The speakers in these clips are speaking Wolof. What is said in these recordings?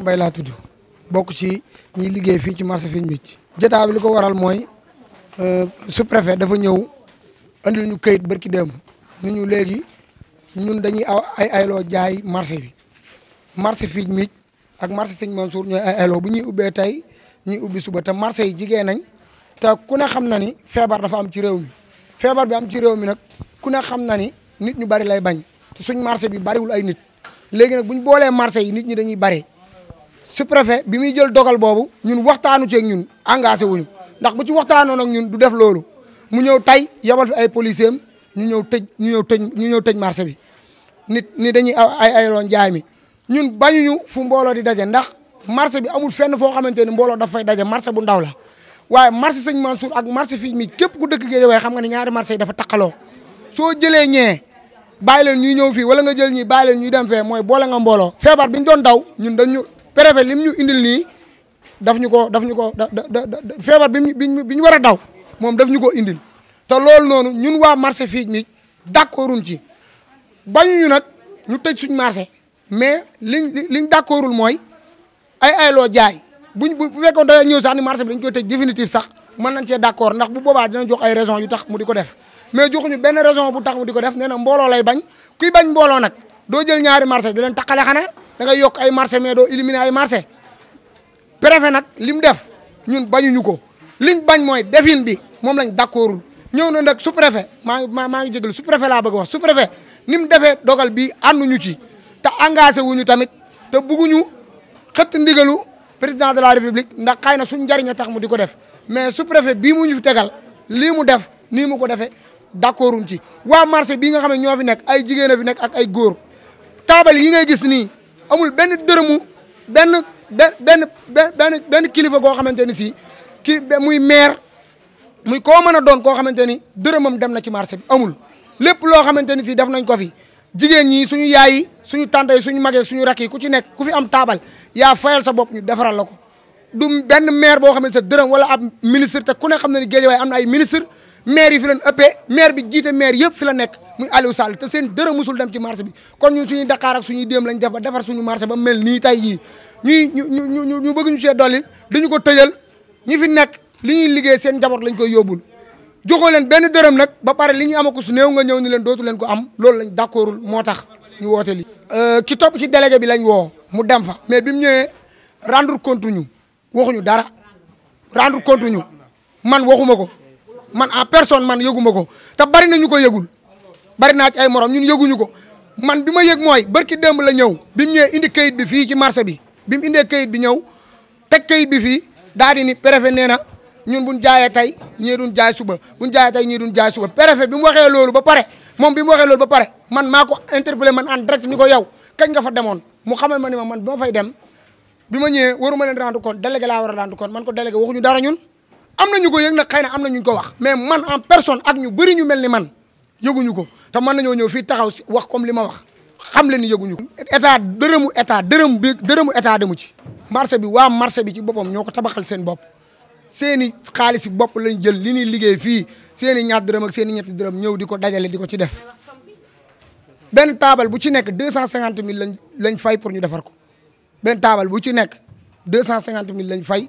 Mansour Mbaye laa tudd bokk ci ñi liggéey fii ci marché Fine Bithie jotaay bi li ko waral mooy euh, sous-préfet dafa ñëw andil ñu këyit barki démb ni ñu léegi ñun dañuy ay ayloo jaay marché bi marché Fine Bithie ak marché Sëñ Mansour ñooy ay ayloo bu ñuy ubbee tey ñuy ubbi suba te marché yi jigéen nañ te ku ne xam na ni feebar dafa am ci réew mi feebar bi am ci réew mi nag ku ne xam na ni nit ñu bari lay bañ te suñ marché bi bariwul ay nit léegi nag bu ñu boolee marché yi nit ñi dañuy bari su préfet bi muy jël dogal bobu ñun waxtaanu ceeg ñun engagé wuñu ndax bu ci waxtaanoon ak ñun du def lolu mu ñew tay yabal fi ay policier ñu ñew tej ñu ñew tej ñu ñew tej marché bi nit ni dañuy ay ayloon jaay mi ñun bañuñu fu mbolo di dajé ndax marché bi amul fenn fo xamanteni mbolo da fay dajé marché bu ndaw la waye marché seigne Mansour ak marché fi mi kep ku dëkk way xam nga ni ñaari marché dafa takalo so jëlé ñé bàyyi leen ñuy ñëw fii wala nga jël ñi bàyyi leen ñuy dem moy bo la nga mbolo feebar biñ doon daw ñun dañu préfet lim ñu indil nii daf ñu ko daf ñu ko da da feebar bi ñu bi ñu war a daw moom daf ñu ko indil te loolu noonu ñun waa marché fii nii d'accorduñ ci bañ bañuñu nag ñu tëj suñ marché mais liñ liñ d'accordul mooy ay ay loo jaay buñ bu fekkoon da ñëw sax ni marché bi dañ koy tëj définitif sax mën nañ cee d'accord ndax bu boobaa dina jox ay raison yu tax mu di ko def mais joxuñu benn raison bu tax mu di ko def nee na mbooloo lay bañ kuy bañ mbooloo nag. do jël ñaari marché di len takalé xana da nga yok ay marché mais do éliminer ay marché préfé nak lim def ñun bañu ñuko liñ bañ moy defin bi mom lañ d'accordul ñew na nak sous préfet ma ma ma ngi jégalu sous préfet la bëgg wax sous préfet nim défé dogal dogal annu ñu ci ta engagé wuñu tamit ta bugguñu xëtt ndigalu président de la république ndax xayna suñu jarigna tax mu diko def mais sous préfet bi mu ñu fi tegal li mu def ni mu ko défé d'accorduñ ci wa marché bi nga xamné ño fi nek ay jigéena fi nek ak ay taabal yi ngay gis nii amul benn dërëmu benn benn benn benn kilifa goo xamante ni si ki muy maire muy koo mën a doon koo xamante ni dërëmam dem na ci marché bi amul lépp loo xamante ni si def nañ ko fi jigéen ñi suñu yaay yi suñu tante yi suñu mag yi suñu rakk yi ku ci nekk ku fi am taabal yaa fayal sa bopp ñu defaral la ko du benn maire boo xam ne dërëm wala ab ministre te ku ne xam na ni Guédiawaye am na ay ministre maire yi fi leen ëppee maire bi jiite maire yëpp fi la nekk muy Aliou Sall te seen dërëm musul dem ci marché bi kon ñun suñuy Dakar suñu suñuy lañ def ba suñu marché ba mel nii tey jii ñuy ñu ñu ñu ñu bëgg ñu see dolli dañu ko tëjal ñi fi nekk li ñuy liggéey seen njaboot lañ koy yóbbul joxoo leen benn dërëm nag ba pare li ñu ama ko su néew nga ñëw ni leen dootu leen ko am loolu lañ d'accordul moo tax ñu woote li euh, ki topp ci délégué bi lañ woo mu dem fa mais bi mu ñëwee rendre waxuñu dara rendre compte man waxuma ko man en personne man yëguma ko te bari na ñu ko yegul bari naa ci ay morom ñun yëguñu ko man bi ma yëg mooy barki démb la ñëw bi ñee indi kayit bi fii ci marché bi bi mu indee kayit bi ñëw teg kayit bi fii daal di ni préfet nee na ñun buñ jaayee tey ñii duñ jaay suba buñ jaayee tey ñii duñ jaay suba préfet bi mu waxee loolu ba pare moom bi mu waxee loolu ba pare man maa ko interpellé man en direct ñu ko yow kañ nga fa demoon mu xamal ma ni ma man bi ma fay dem bi ma ñëwee waruma a rendre ko délégué waxuñu dara ñun am na ñu ko yëg nag xëy am na ñu ko wax mais man en personne ak ñu bëri ñu mel ni man yëguñu ko te mën nañoo ñëw fii taxaw si wax comme li ma wax xam leen ni yëguñu ko. état dërëmu état dërëm bi dërëmu état demu ci marché bi waa marché bi ci boppam ñoo ko tabaxal seen bopp seeni i xaalis bopp lañ jël li ñuy liggéey fii seeni ñaat dërëm ak seen ñetti dërëm ñëw di ko dajale di ko ci def benn taabal bu ci nekk deux cent cinquante mille lañ lañ fay pour ñu defar ko benn taabal bu ci nekk deux cent cinquante mille lañ fay.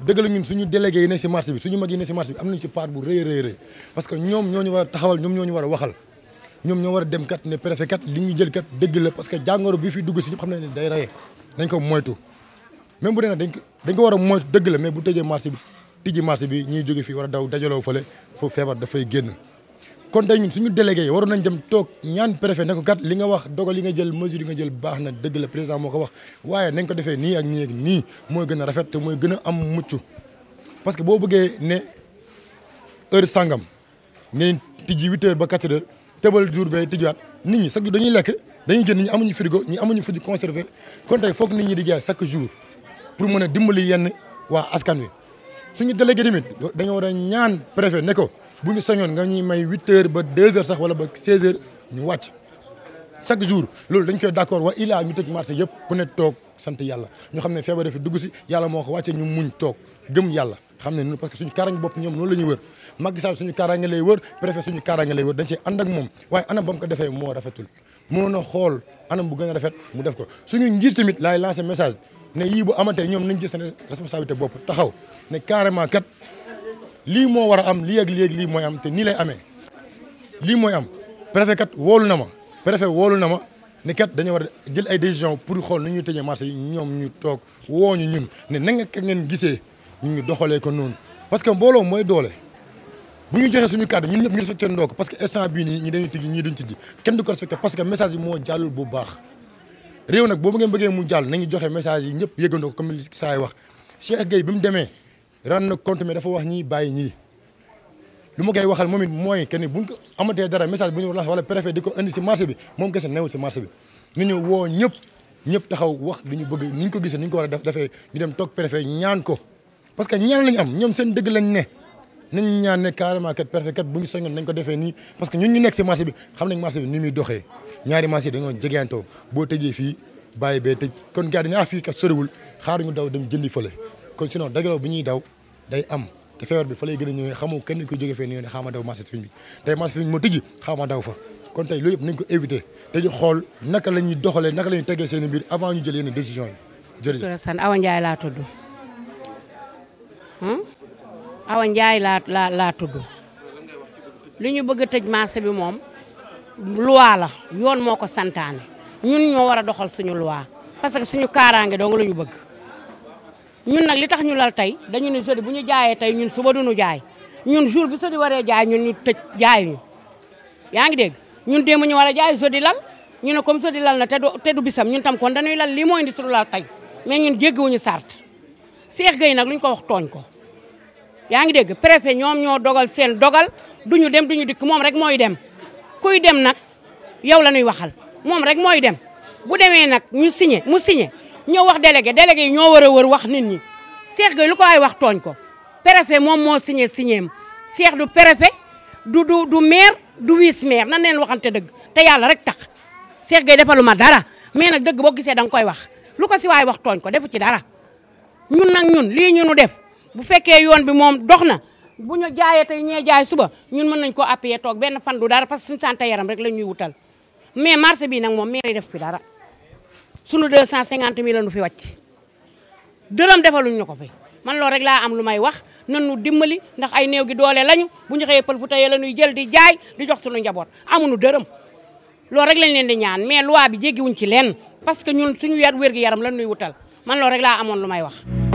dëgg la ñun suñu délégué yi ne si marché bi suñu mag yi ne si marché bi am nañu si part bu rëy rëy parce que ñoom ñoo ñu war a taxawal ñoom ñoo ñu war a waxal ñoom ñoo war a dem kat ne préfet kat li ñu jël kat dëgg la parce que jàngoro bi fi dugg si ñëpp xam ne day rey dañ ko moytu même bu dee nag dañ ko dañ ko war a moytu dëgg la mais bu tëjee marché bi tijji marché bi ñuy jóge fi war a daw dajaloo fële foofu feebar dafay génn kon tey ñun suñu délégué waroon nañ dem toog ñaan préfet ne ko kat li nga wax dogal yi nga jël mesure yi nga jël baax na dëgg la président moo ko wax waaye nañ ko defee nii ak nii ak nii mooy gën a rafet mooy gën a am mucc parce que boo bëggee ne heure sangam ngeen tijji huit ba quatre heures tebal jour bee tijjiwaat nit ñi chaque dañuy lekk dañuy jën ñu amuñu frigo ñi amuñu fu ñu conservé kon tey foog ni ñu di jaay chaque jour pour mën a dimbali yenn waa askan wi suñu délégué tamit dañoo war a ñaan préfet ne ko. bu ñu sañoon nga ñuy may huit heures ba deux heures sax wala ba seize heures ñu wàcc chaque jour loolu dañ koy d'accord wa ilaa ñu tëj marché yëpp ku ne toog sant yàlla ñu xam ne feebar fi dugg si yàlla moo ko wàccee ñu muñ toog gëm yàlla xam ne parce que suñu kaaraange bopp ñoom noonu la ñuy wër Macky suñu kaaraange lay wër préfet suñu kaaraange lay wër dañ see ànd ak moom waaye anam ba mu ko defee moo rafetul moo na xool anam bu gën a rafet mu def ko suñu njiit mit laay lancer message ne yii bu amatee ñoom nañ jël seen responsabilité taxaw ne carrément kat li mo am li ak ak te lay am préfet kat préfet ne kat dañu pour xol ni ñu marché ñom ñu tok woñu ñun ne na nga parce que mbolo moy doolé bu ñu joxé suñu cadre ñu respecté parce que instant bi ni ñi duñ parce que message yi moo jallul bu baax réew que mu ngeen bëggee mu nañu message yi comme wax Cheikh rend nag compte mais dafa wax ñii bàyyi ñii lu ma koy waxal moom it mooy que bu buñ ko amatee dara message bu ñu wax wala préfet di ko indi si marché bi moom kese newul si marché bi ñu woo ñëpp ñëpp taxaw wax li ñu bëgg ni ñu ko gisee ni ñu war a def dafee ñu dem toog préfet ko parce que ñaan lañ am ñoom seen dëgg lañ ne nañ ñaan ne carrément kat préfet kat bu ñu soñoon nañ ko defee nii parce que ñun ñu nekk si marché bi xam nañ marché bi ni muy doxee ñaari marché yi dañoo jegeantoo boo tëjee fii bàyyi bee tëj kon gars dañaa fii kat xaari xaaruñu daw dem jëndi fële kon sinon dajaloo bi ñuy daw day am te feebar bi fa lay gën a ñëwee xamoo kenn ku jógee fee nii ne xaama daw marché Tiffin bi tey marché Tiffin moo tëjji daw fa kon tey loolu yëpp ko éviter te xool naka la ñuy doxalee naka la ñuy tegee seen mbir avant ñu jël yenn décision yi jërëjëf. san aw Ndiaye laa tudd hmm? Awa laa laa laa tudd li ñu bëgg a tëj marché bi moom loi la yoon moo ko santaane ñun ñoo war a doxal suñu loi parce que suñu kaaraange dong la ñu bëgg. ñun nag li tax ñu lal tey dañu ne jeudi bu ñu jaayee tey ñun suba duñu jaay ñun jour bu jeudi waree jaay ñun ñu tëj jaayuñu yaa ngi dégg ñun démb ñu war a jaay jeudi lal ñu ne comme jeudi lal na te du te du bisam ñun tam kon dañuy lal lii mooy moo indi suñu lal tey mais ñun ñu sart Cheikh Gueye nag lu ñu ko wax tooñ ko yaa ngi dégg préfet ñoom ñoo dogal seen dogal du ñu dem du ñu dikk moom rek mooy dem kuy dem nag yow la ñuy waxal moom rek mooy dem bu demee nag ñu signé ñoo wax délégué délégué yi ñoo war wax nit ñi Cheikh Gueye lu ko ay wax tooñ ko préfet moom moo signé signé am Cheikh du préfet du du du maire du vice maire nan leen waxante dëgg te yàlla rek tax Cheikh Gueye defalu ma dara mais nag dëgg boo gisee da nga koy wax lu ko si waay wax tooñ ko defu ci dara ñun nan ñun lii ñu nu def bu fekkee yoon bi moom dox na bu ñu jaayee tey ñee jaay suba ñun mën nañ koo appuyer toog benn fan du dara parce que suñu santé yaram rek la ñuy wutal mais marché bii nag moom maire def fi dara sunu 250 mille la nu fi wàcc dërëm defaluñ ñu ko fi man loolu rek laa am lu may wax nan nu dimbali ndax ay néew gi doole lañu bu ñu xëyee pël fu teye la ñuy jël di jaay di jox sunu njaboot amuñu dërëm loolu rek lañ leen di ñaan mais waa bi jéggiwuñ ci leen parce que ñun suñu yar wér gi yaram lan nuy wutal man loolu rek laa amoon lu may wax